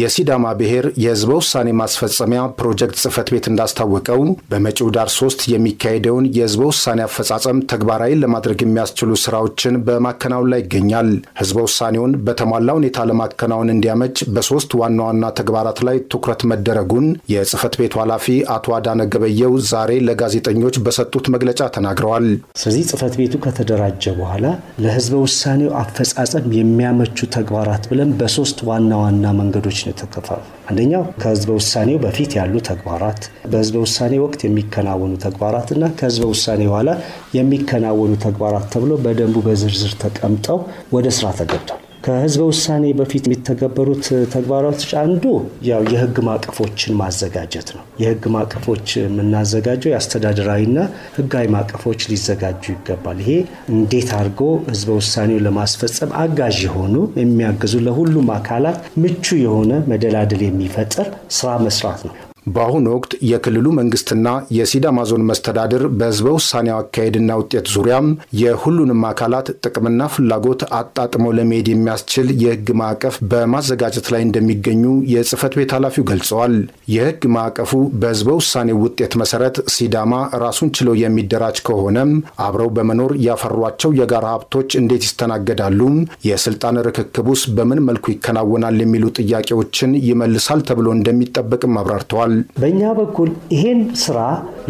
የሲዳማ ብሔር የህዝበ ውሳኔ ማስፈጸሚያ ፕሮጀክት ጽህፈት ቤት እንዳስታወቀው በመጪው ዳር ሶስት የሚካሄደውን የህዝበ ውሳኔ አፈጻጸም ተግባራዊ ለማድረግ የሚያስችሉ ስራዎችን በማከናወን ላይ ይገኛል። ህዝበ ውሳኔውን በተሟላ ሁኔታ ለማከናወን እንዲያመች በሶስት ዋና ዋና ተግባራት ላይ ትኩረት መደረጉን የጽህፈት ቤቱ ኃላፊ አቶ አዳነ ገበየው ዛሬ ለጋዜጠኞች በሰጡት መግለጫ ተናግረዋል። ስለዚህ ጽህፈት ቤቱ ከተደራጀ በኋላ ለህዝበ ውሳኔው አፈጻጸም የሚያመቹ ተግባራት ብለን በሶስት ዋና ዋና መንገዶች ክፍሎች ነው የተከፋፈ አንደኛው ከህዝበ ውሳኔው በፊት ያሉ ተግባራት፣ በህዝበ ውሳኔ ወቅት የሚከናወኑ ተግባራት እና ከህዝበ ውሳኔ በኋላ የሚከናወኑ ተግባራት ተብሎ በደንቡ በዝርዝር ተቀምጠው ወደ ስራ ተገብቷል። ከህዝበ ውሳኔ በፊት የሚተገበሩት ተግባራቶች አንዱ ያው የህግ ማቀፎችን ማዘጋጀት ነው። የህግ ማቀፎች የምናዘጋጀው የአስተዳደራዊና ህጋዊ ማቀፎች ሊዘጋጁ ይገባል። ይሄ እንዴት አድርጎ ህዝበ ውሳኔው ለማስፈጸም አጋዥ የሆኑ የሚያግዙ ለሁሉም አካላት ምቹ የሆነ መደላደል የሚፈጥር ስራ መስራት ነው። በአሁኑ ወቅት የክልሉ መንግስትና የሲዳማ ዞን መስተዳድር በህዝበ ውሳኔው አካሄድና ውጤት ዙሪያም የሁሉንም አካላት ጥቅምና ፍላጎት አጣጥመው ለመሄድ የሚያስችል የህግ ማዕቀፍ በማዘጋጀት ላይ እንደሚገኙ የጽህፈት ቤት ኃላፊው ገልጸዋል። የህግ ማዕቀፉ በህዝበ ውሳኔው ውጤት መሰረት ሲዳማ ራሱን ችሎ የሚደራጅ ከሆነም አብረው በመኖር ያፈሯቸው የጋራ ሀብቶች እንዴት ይስተናገዳሉ? የስልጣን ርክክቡስ በምን መልኩ ይከናወናል? የሚሉ ጥያቄዎችን ይመልሳል ተብሎ እንደሚጠበቅም አብራርተዋል። ገልጸዋል። በእኛ በኩል ይሄን ስራ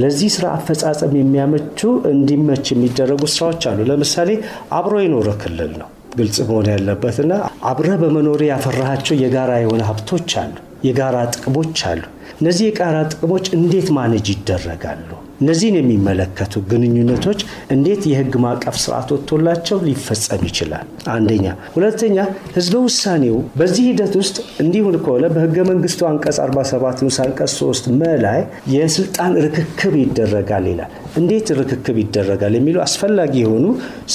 ለዚህ ስራ አፈጻጸም የሚያመቹ እንዲመች የሚደረጉ ስራዎች አሉ። ለምሳሌ አብሮ የኖረ ክልል ነው ግልጽ መሆን ያለበትና አብረ በመኖር ያፈራሃቸው የጋራ የሆነ ሀብቶች አሉ፣ የጋራ ጥቅሞች አሉ። እነዚህ የጋራ ጥቅሞች እንዴት ማነጅ ይደረጋሉ? እነዚህን የሚመለከቱ ግንኙነቶች እንዴት የህግ ማዕቀፍ ስርዓት ወጥቶላቸው ሊፈጸም ይችላል? አንደኛ። ሁለተኛ ህዝበ ውሳኔው በዚህ ሂደት ውስጥ እንዲሁን ከሆነ በህገ መንግስቱ አንቀጽ 47 ንዑስ አንቀጽ 3 መላይ የስልጣን ርክክብ ይደረጋል ይላል። እንዴት ርክክብ ይደረጋል የሚሉ አስፈላጊ የሆኑ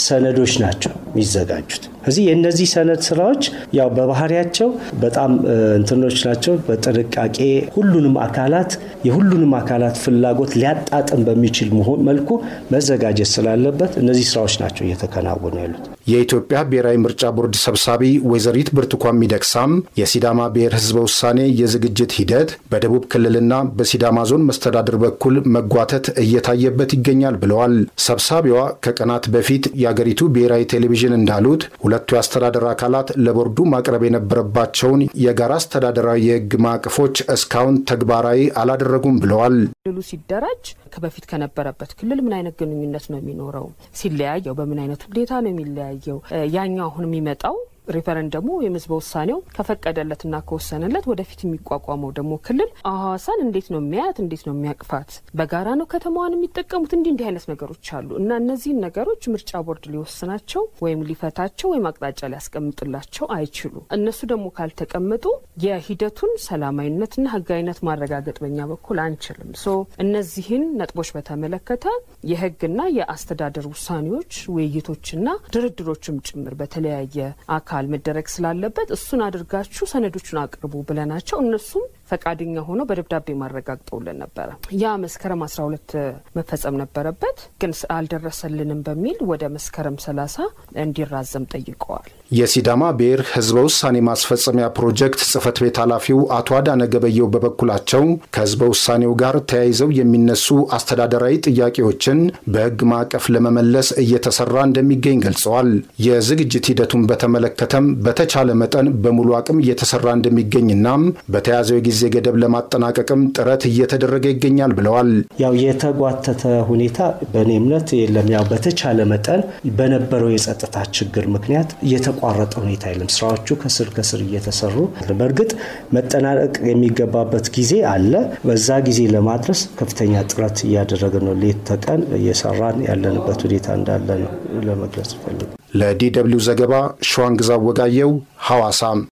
ሰነዶች ናቸው የሚዘጋጁት። እዚህ የእነዚህ ሰነድ ስራዎች ያው በባህሪያቸው በጣም እንትኖች ናቸው። በጥንቃቄ ሁሉ የሁሉንም አካላት የሁሉንም አካላት ፍላጎት ሊያጣጥም በሚችል መልኩ መዘጋጀት ስላለበት እነዚህ ስራዎች ናቸው እየተከናወኑ ያሉት። የኢትዮጵያ ብሔራዊ ምርጫ ቦርድ ሰብሳቢ ወይዘሪት ብርቱካን ሚደቅሳም የሲዳማ ብሔር ህዝበ ውሳኔ የዝግጅት ሂደት በደቡብ ክልልና በሲዳማ ዞን መስተዳድር በኩል መጓተት እየታየበት ይገኛል ብለዋል። ሰብሳቢዋ ከቀናት በፊት የአገሪቱ ብሔራዊ ቴሌቪዥን እንዳሉት ሁለቱ የአስተዳደር አካላት ለቦርዱ ማቅረብ የነበረባቸውን የጋራ አስተዳደራዊ የህግ ማዕቀፎች እስካሁን ተግባራዊ አላደረጉም ብለዋል። ክልሉ ሲደራጅ ከበፊት ከነበረበት ክልል ምን አይነት ግንኙነት ነው የሚኖረው? ሲለያየው በምን አይነት ሁኔታ ነው የሚለያየ የሚታየው ያኛው አሁን የሚመጣው ሪፈረንደሙ ወይም ህዝበ ውሳኔው ከፈቀደለትና ከወሰነለት ወደፊት የሚቋቋመው ደግሞ ክልል ሀዋሳን እንዴት ነው የሚያያት? እንዴት ነው የሚያቅፋት? በጋራ ነው ከተማዋን የሚጠቀሙት? እንዲህ እንዲህ አይነት ነገሮች አሉ እና እነዚህን ነገሮች ምርጫ ቦርድ ሊወስናቸው ወይም ሊፈታቸው ወይም አቅጣጫ ሊያስቀምጥላቸው አይችሉ። እነሱ ደግሞ ካልተቀመጡ የሂደቱን ሰላማዊነትና ህጋዊነት ማረጋገጥ በኛ በኩል አንችልም። ሶ እነዚህን ነጥቦች በተመለከተ የህግና የአስተዳደር ውሳኔዎች ውይይቶችና ድርድሮችም ጭምር በተለያየ አካል ቬሪፋይ መደረግ ስላለበት እሱን አድርጋችሁ ሰነዶቹን አቅርቡ ብለናቸው እነሱም ፈቃደኛ ሆኖ በደብዳቤ ማረጋግጠውልን ነበረ። ያ መስከረም ሁለት መፈጸም ነበረበት፣ ግን አልደረሰልንም በሚል ወደ መስከረም 30 እንዲራዘም ጠይቀዋል። የሲዳማ ብሔር ህዝበ ውሳኔ ማስፈጸሚያ ፕሮጀክት ጽህፈት ቤት ኃላፊው አቶ አዳነ ገበየው በበኩላቸው ከህዝበ ውሳኔው ጋር ተያይዘው የሚነሱ አስተዳደራዊ ጥያቄዎችን በህግ ማዕቀፍ ለመመለስ እየተሰራ እንደሚገኝ ገልጸዋል። የዝግጅት ሂደቱን በተመለከተም በተቻለ መጠን በሙሉ አቅም እየተሰራ እንደሚገኝናም በተያዘው የጊዜ ጊዜ ገደብ ለማጠናቀቅም ጥረት እየተደረገ ይገኛል ብለዋል። ያው የተጓተተ ሁኔታ በእኔ እምነት የለም። ያው በተቻለ መጠን በነበረው የጸጥታ ችግር ምክንያት የተቋረጠ ሁኔታ የለም። ስራዎቹ ከስር ከስር እየተሰሩ በእርግጥ መጠናቀቅ የሚገባበት ጊዜ አለ። በዛ ጊዜ ለማድረስ ከፍተኛ ጥረት እያደረገ ነው። ሌት ተቀን እየሰራን ያለንበት ሁኔታ እንዳለ ነው ለመግለጽ ይፈልጉ። ለዲ ደብልዩ ዘገባ ሸዋንግዛ ወጋየው ሐዋሳም